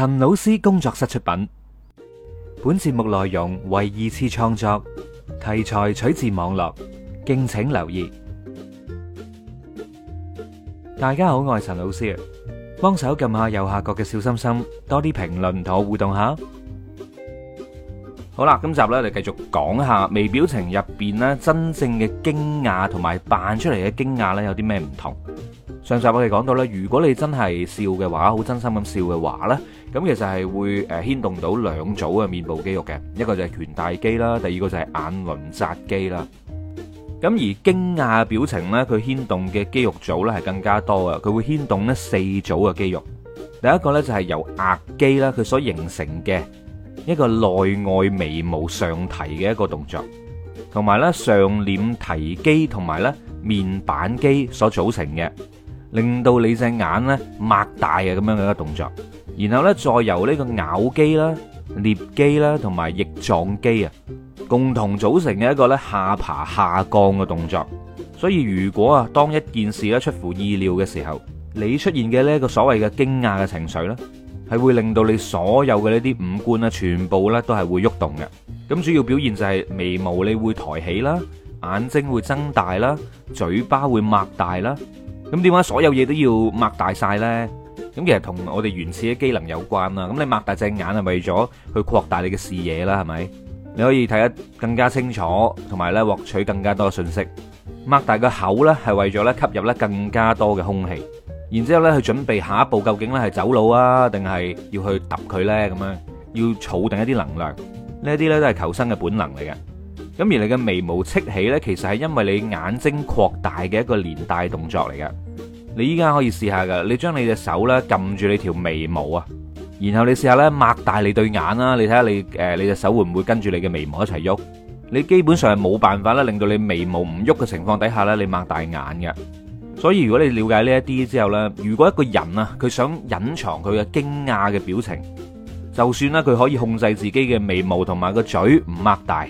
陳老師工作室出品，本節目內容為二次創作，題材取自網絡，敬請留意。大家好，我係陳老師，幫手撳下右下角嘅小心心，多啲評論同我互動下。好啦，今集咧我哋繼續講下微表情入邊咧真正嘅驚訝同埋扮出嚟嘅驚訝咧有啲咩唔同。上集我哋講到咧，如果你真係笑嘅話，好真心咁笑嘅話呢，咁其實係會誒牽動到兩組嘅面部肌肉嘅，一個就係顴大肌啦，第二個就係眼輪匝肌啦。咁而驚訝嘅表情呢，佢牽動嘅肌肉組呢係更加多啊。佢會牽動呢四組嘅肌肉，第一個呢就係由額肌啦，佢所形成嘅一個內外眉毛上提嘅一個動作，同埋呢上臉提肌同埋呢面板肌所組成嘅。令到你隻眼咧擘大啊咁樣嘅一個動作，然後咧再由呢個咬肌啦、顳肌啦同埋翼狀肌啊，共同組成嘅一個咧下爬下降嘅動作。所以如果啊，當一件事咧出乎意料嘅時候，你出現嘅呢個所謂嘅驚訝嘅情緒呢，係會令到你所有嘅呢啲五官咧全部咧都係會喐動嘅。咁主要表現就係眉毛你會抬起啦，眼睛會睜大啦，嘴巴會擘大啦。咁點解所有嘢都要擘大晒咧？咁其實同我哋原始嘅機能有關啦。咁你擘大隻眼係為咗去擴大你嘅視野啦，係咪？你可以睇得更加清楚，同埋咧獲取更加多嘅信息。擘大個口咧係為咗咧吸入咧更加多嘅空氣，然之後咧去準備下一步究竟咧係走路啊，定係要去揼佢咧？咁樣要儲定一啲能量，呢一啲咧都係求生嘅本能嚟嘅。咁而你嘅眉毛戚起呢，其實係因為你眼睛擴大嘅一個連帶動作嚟嘅。你依家可以試下㗎，你將你隻手呢撳住你條眉毛啊，然後你試下呢擘大你對眼啦，你睇下你誒你隻手會唔會跟住你嘅眉毛一齊喐？你基本上係冇辦法咧令到你眉毛唔喐嘅情況底下呢，你擘大眼嘅。所以如果你了解呢一啲之後呢，如果一個人啊，佢想隱藏佢嘅驚訝嘅表情，就算呢佢可以控制自己嘅眉毛同埋個嘴唔擘大。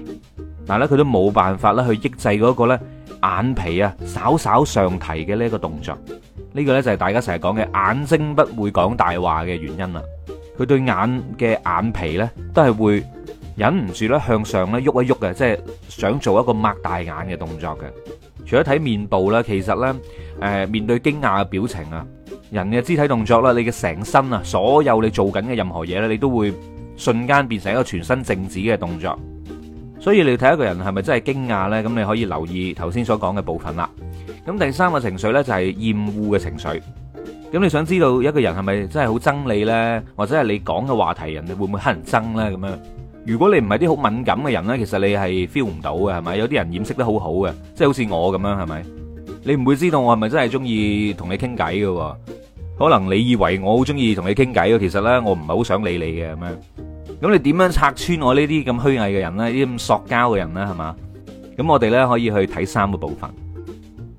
但係咧，佢都冇辦法啦，去抑制嗰個咧眼皮啊，稍稍上提嘅呢一個動作。呢個咧就係大家成日講嘅眼睛不會講大話嘅原因啦。佢對眼嘅眼皮咧，都係會忍唔住咧向上咧喐一喐嘅，即係想做一個擘大眼嘅動作嘅。除咗睇面部啦，其實咧誒面對驚訝嘅表情啊，人嘅肢體動作啦，你嘅成身啊，所有你做緊嘅任何嘢咧，你都會瞬間變成一個全身靜止嘅動作。所以你睇一個人係咪真係驚訝呢？咁你可以留意頭先所講嘅部分啦。咁第三個情緒呢就係厭惡嘅情緒。咁你想知道一個人係咪真係好憎你呢，或者係你講嘅話題人哋會唔會乞人憎呢？咁樣如果你唔係啲好敏感嘅人呢，其實你係 feel 唔到嘅係咪？有啲人掩飾得好好嘅，即係好似我咁樣係咪？你唔會知道我係咪真係中意同你傾偈嘅？可能你以為我好中意同你傾偈，其實呢我唔係好想理你嘅咁樣。咁你點樣拆穿我呢啲咁虛偽嘅人呢？呢啲咁塑膠嘅人呢？係嘛？咁我哋呢可以去睇三個部分。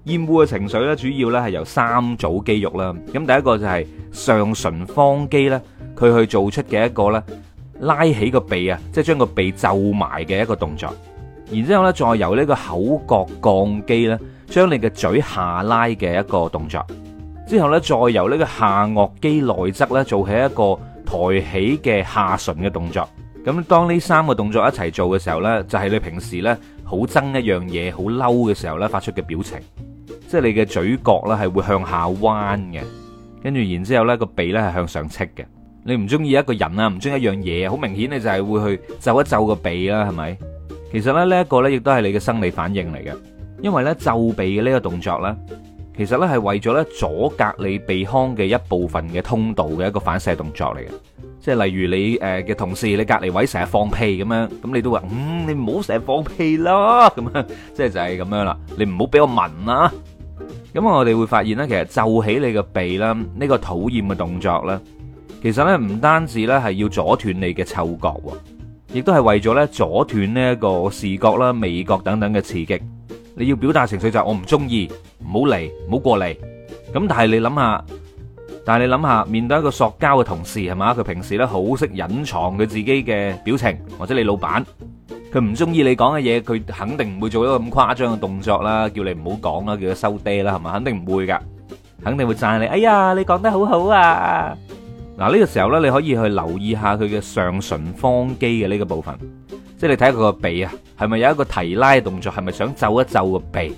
厭惡嘅情緒呢，主要呢係由三組肌肉啦。咁第一個就係上唇方肌呢，佢去做出嘅一個呢，拉起個鼻啊，即係將個鼻皺埋嘅一個動作。然之後呢，再由呢個口角降肌呢，將你嘅嘴下拉嘅一個動作。之後呢，再由呢個下顎肌內側呢，做起一個抬起嘅下唇嘅動作，咁當呢三個動作一齊做嘅時候呢，就係、是、你平時呢好憎一樣嘢好嬲嘅時候呢發出嘅表情，即係你嘅嘴角呢係會向下彎嘅，跟住然之後呢個鼻呢係向上戚嘅。你唔中意一個人啊，唔中意一樣嘢，好明顯你就係會去皺一皺個鼻啦，係咪？其實咧呢一、這個呢亦都係你嘅生理反應嚟嘅，因為呢皺鼻嘅呢個動作呢。其實咧係為咗咧阻隔你鼻腔嘅一部分嘅通道嘅一個反射動作嚟嘅，即係例如你誒嘅同事，你隔籬位成日放屁咁樣，咁你都話，嗯，你唔好成日放屁啦，咁樣即係就係咁樣啦，你唔好俾我聞啦。咁我哋會發現咧，其實皺起你嘅鼻啦，呢個討厭嘅動作啦，其實咧唔單止咧係要阻斷你嘅嗅覺，亦都係為咗咧阻斷呢一個視覺啦、味覺等等嘅刺激。你要表達情緒就係我唔中意，唔好嚟，唔好過嚟。咁但係你諗下，但係你諗下，面對一個塑膠嘅同事係咪？佢平時呢好識隱藏佢自己嘅表情，或者你老闆，佢唔中意你講嘅嘢，佢肯定唔會做一個咁誇張嘅動作啦，叫你唔好講啦，叫佢收爹啦，係咪，肯定唔會噶肯定會讚你。哎呀，你講得好好啊！嗱，呢個時候呢，你可以去留意下佢嘅上唇方肌嘅呢個部分。即係你睇下佢個鼻啊，係咪有一個提拉嘅動作？係咪想皺一皺個鼻？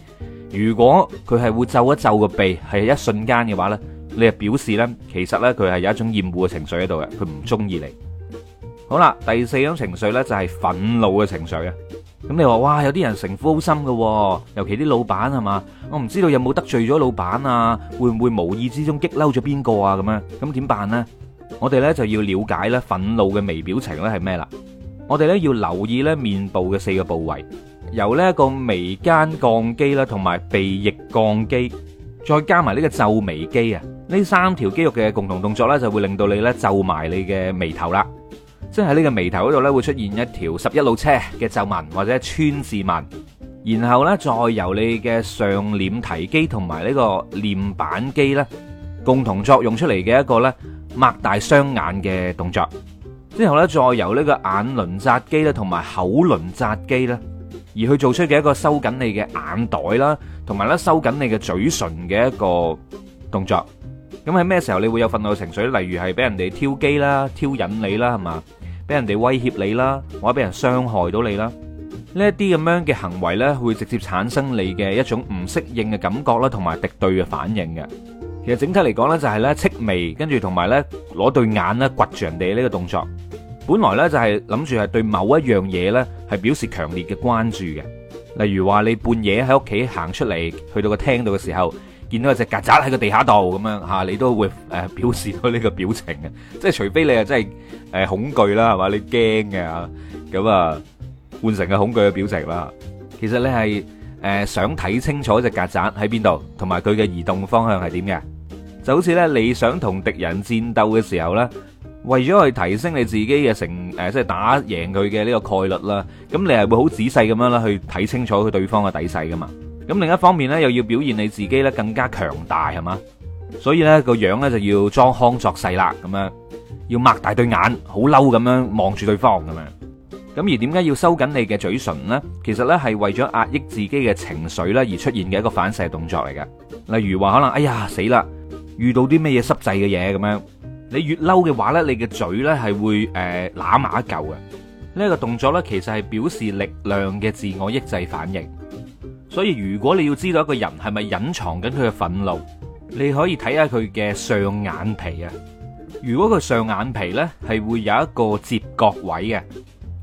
如果佢係會皺一皺個鼻，係一瞬間嘅話呢，你就表示呢，其實呢，佢係有一種厭惡嘅情緒喺度嘅，佢唔中意你。好啦，第四種情緒呢，就係憤怒嘅情緒啊！咁你話哇，有啲人城府好深噶，尤其啲老闆係嘛，我唔知道有冇得罪咗老闆啊？會唔會無意之中激嬲咗邊個啊？咁樣咁點辦呢？我哋呢，就要了解呢憤怒嘅微表情咧係咩啦？我哋咧要留意咧面部嘅四個部位，由呢一個眉間降肌啦，同埋鼻翼降肌，再加埋呢個皺眉肌啊，呢三條肌肉嘅共同動作咧，就會令到你咧皺埋你嘅眉頭啦。即係喺呢個眉頭嗰度咧，會出現一條十一路車嘅皺紋或者川字紋，然後咧再由你嘅上瞼提肌同埋呢個瞼板肌咧共同作用出嚟嘅一個咧擘大雙眼嘅動作。之後咧，再由呢個眼輪匝肌咧，同埋口輪匝肌咧，而去做出嘅一個收緊你嘅眼袋啦，同埋咧收緊你嘅嘴唇嘅一個動作。咁喺咩時候你會有憤怒情緒？例如係俾人哋挑機啦、挑引你啦，係嘛？俾人哋威脅你啦，或者俾人傷害到你啦，呢一啲咁樣嘅行為咧，會直接產生你嘅一種唔適應嘅感覺啦，同埋敵對嘅反應嘅。其實整體嚟講咧，就係咧戚眉，跟住同埋咧攞對眼咧掘住人哋呢個動作。本來咧就係諗住係對某一樣嘢咧係表示強烈嘅關注嘅，例如話你半夜喺屋企行出嚟，去到個廳度嘅時候，見到隻曱甴喺個地下度咁樣吓，你都會誒表示到呢個表情嘅，即係除非你啊真係誒恐懼啦係嘛？你驚嘅啊咁啊換成個恐懼嘅表情啦。其實你係誒想睇清楚隻曱甴喺邊度，同埋佢嘅移動方向係點嘅，就好似咧你想同敵人戰鬥嘅時候咧。為咗去提升你自己嘅成誒，即、呃、即係打贏佢嘅呢個概率啦，咁你係會好仔細咁樣啦，去睇清楚佢對方嘅底細噶嘛。咁另一方面呢，又要表現你自己呢更加強大係嘛，所以呢、這個樣呢，就要裝腔作勢啦，咁樣要擘大對眼，好嬲咁樣望住對方咁樣。咁而點解要收緊你嘅嘴唇呢？其實呢，係為咗壓抑自己嘅情緒呢而出現嘅一個反射動作嚟嘅。例如話可能哎呀死啦，遇到啲咩嘢濕滯嘅嘢咁樣。你越嬲嘅話咧，你嘅嘴咧係會誒喇埋一舊嘅。呢一個動作咧，其實係表示力量嘅自我抑制反應。所以如果你要知道一個人係咪隱藏緊佢嘅憤怒，你可以睇下佢嘅上眼皮啊。如果佢上眼皮咧係會有一個折角位嘅，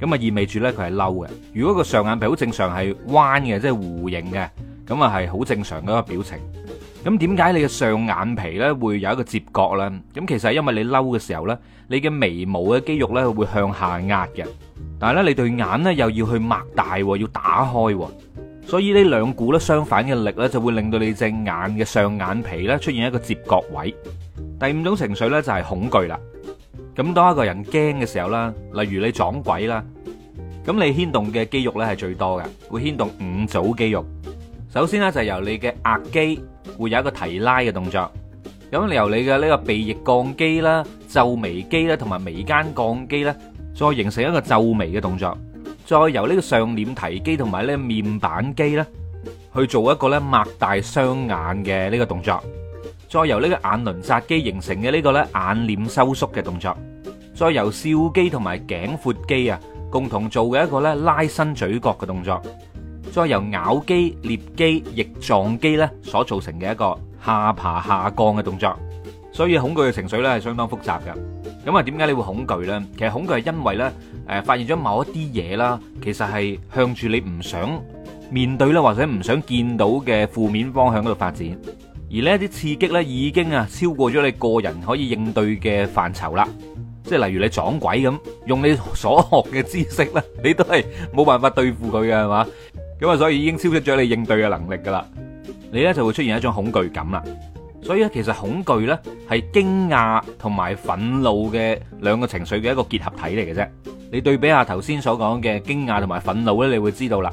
咁啊意味住咧佢係嬲嘅。如果個上眼皮好正常係彎嘅，即係弧形嘅，咁啊係好正常嘅一個表情。咁點解你嘅上眼皮咧會有一個折角咧？咁其實係因為你嬲嘅時候咧，你嘅眉毛嘅肌肉咧會向下壓嘅，但係咧你對眼咧又要去擘大，要打開，所以呢兩股咧相反嘅力咧就會令到你隻眼嘅上眼皮咧出現一個折角位。第五種情緒咧就係恐懼啦。咁當一個人驚嘅時候咧，例如你撞鬼啦，咁你牽動嘅肌肉咧係最多嘅，會牽動五組肌肉。首先咧，就由你嘅額肌會有一個提拉嘅動作，咁你由你嘅呢個鼻翼降肌啦、皺眉肌啦同埋眉間降肌咧，再形成一個皺眉嘅動作，再由呢個上瞼提肌同埋呢個面板肌咧去做一個咧擘大雙眼嘅呢個動作，再由呢個眼輪匝肌形成嘅呢個咧眼瞼收縮嘅動作，再由笑肌同埋頸闊肌啊共同做嘅一個咧拉伸嘴角嘅動作。再由咬肌、顳肌、翼狀肌咧所造成嘅一個下爬下降嘅動作，所以恐懼嘅情緒咧係相當複雜嘅。咁啊，點解你會恐懼咧？其實恐懼係因為咧，誒，發現咗某一啲嘢啦，其實係向住你唔想面對啦，或者唔想見到嘅負面方向嗰度發展。而呢一啲刺激咧，已經啊超過咗你個人可以應對嘅範疇啦。即係例如你撞鬼咁，用你所學嘅知識咧，你都係冇辦法對付佢嘅，係嘛？咁啊，所以已經超出咗你應對嘅能力噶啦，你咧就會出現一種恐懼感啦。所以咧，其實恐懼咧係驚訝同埋憤怒嘅兩個情緒嘅一個結合體嚟嘅啫。你對比下頭先所講嘅驚訝同埋憤怒咧，你會知道啦。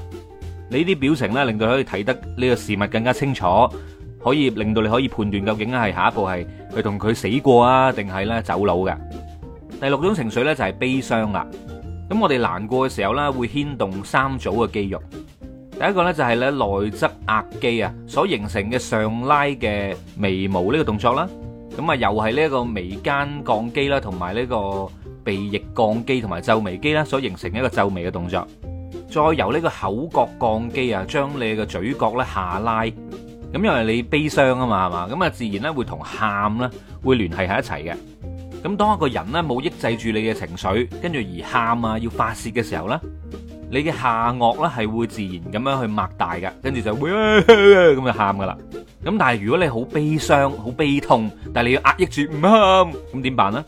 你呢啲表情咧，令到可以睇得呢個事物更加清楚，可以令到你可以判斷究竟係下一步係去同佢死過啊，定係咧走佬嘅。第六種情緒咧就係悲傷啦。咁我哋難過嘅時候咧，會牽動三組嘅肌肉。第一個咧就係咧內側額肌啊，所形成嘅上拉嘅眉毛呢個動作啦，咁啊又係呢一個眉間降肌啦，同埋呢個鼻翼降肌同埋皺眉肌啦，所形成一個皺眉嘅動作，再由呢個口角降肌啊，將你嘅嘴角咧下拉，咁因為你悲傷啊嘛，係嘛，咁啊自然咧會同喊啦，會聯繫喺一齊嘅，咁當一個人咧冇抑制住你嘅情緒，跟住而喊啊要發洩嘅時候咧。你嘅下顎咧係會自然咁樣去擘大嘅，跟住就會咁就喊噶啦。咁但係如果你好悲傷、好悲痛，但係你要壓抑住唔喊，咁點辦咧？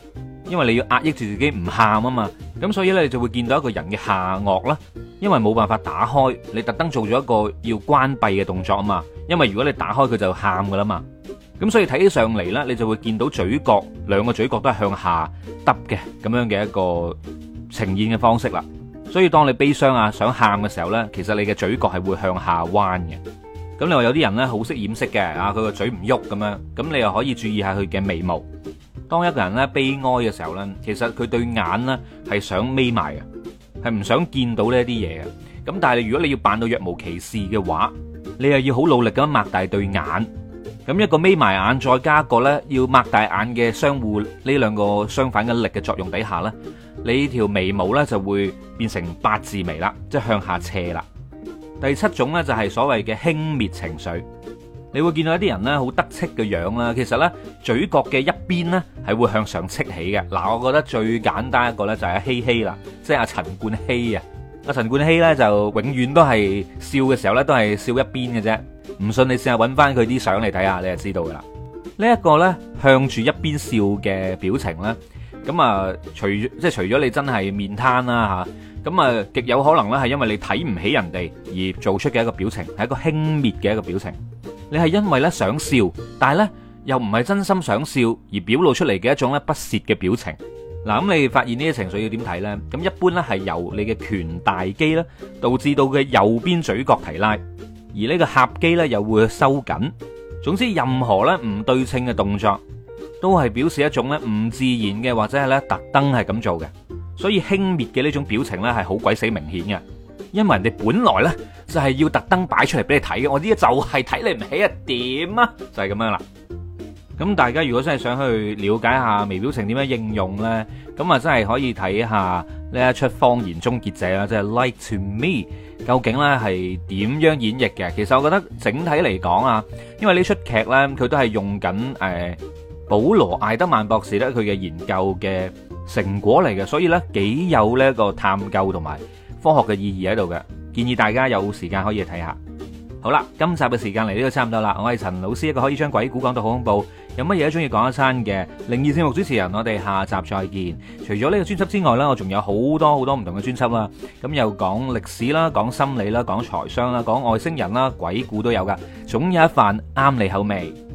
因為你要壓抑住自己唔喊啊嘛。咁所以咧，你就會見到一個人嘅下顎啦，因為冇辦法打開，你特登做咗一個要關閉嘅動作啊嘛。因為如果你打開佢就喊噶啦嘛。咁所以睇起上嚟咧，你就會見到嘴角兩個嘴角都係向下耷嘅咁樣嘅一個呈現嘅方式啦。所以當你悲傷啊想喊嘅時候呢，其實你嘅嘴角係會向下彎嘅。咁你話有啲人呢好識掩飾嘅啊，佢個嘴唔喐咁樣，咁你又可以注意下佢嘅眉毛。當一個人呢悲哀嘅時候呢，其實佢對眼呢係想眯埋嘅，係唔想見到呢啲嘢嘅。咁但係如果你要扮到若無其事嘅話，你又要好努力咁擘大對眼。咁一個眯埋眼，再加一個咧要擘大眼嘅，相互呢兩個相反嘅力嘅作用底下咧，你條眉毛咧就會變成八字眉啦，即係向下斜啦。第七種咧就係所謂嘅輕蔑情緒，你會見到一啲人咧好得戚嘅樣啊，其實咧嘴角嘅一邊咧係會向上戚起嘅。嗱，我覺得最簡單一個咧就係希希啦，即係阿陳冠希啊，阿陳冠希咧就永遠都係笑嘅時候咧都係笑一邊嘅啫。唔信你，試下揾翻佢啲相嚟睇下，你就知道噶啦。呢一個呢，向住一邊笑嘅表情咧，咁啊，除即係除咗你真係面癱啦嚇，咁啊極有可能呢係因為你睇唔起人哋而做出嘅一個表情，係一個輕蔑嘅一個表情。你係因為呢想笑，但係呢又唔係真心想笑而表露出嚟嘅一種咧不屑嘅表情。嗱，咁你發現呢啲情緒要點睇呢？咁一般呢係，由你嘅拳大肌啦導致到嘅右邊嘴角提拉。而呢個合機呢又會收緊，總之任何呢唔對稱嘅動作，都係表示一種呢唔自然嘅，或者係呢特登係咁做嘅。所以輕蔑嘅呢種表情呢係好鬼死明顯嘅，因為人哋本來呢就係要特登擺出嚟俾你睇嘅。我呢就係睇你唔起啊，點啊，就係咁樣啦。咁大家如果真係想去了解下微表情點樣應用咧，咁啊真係可以睇下呢一出《謊言終結者》啦，即係《Lie to Me》究竟咧係點樣演繹嘅？其實我覺得整體嚟講啊，因為呢出劇咧佢都係用緊誒保羅艾德曼博士咧佢嘅研究嘅成果嚟嘅，所以咧幾有呢一個探究同埋科學嘅意義喺度嘅，建議大家有時間可以睇下。好啦，今集嘅時間嚟呢度差唔多啦，我係陳老師，一個可以將鬼故講到好恐怖，有乜嘢都中意講一餐嘅靈異節目主持人，我哋下集再見。除咗呢個專輯之外呢，我仲有好多好多唔同嘅專輯啦，咁又講歷史啦，講心理啦，講財商啦，講外星人啦，鬼故都有噶，總有一份啱你口味。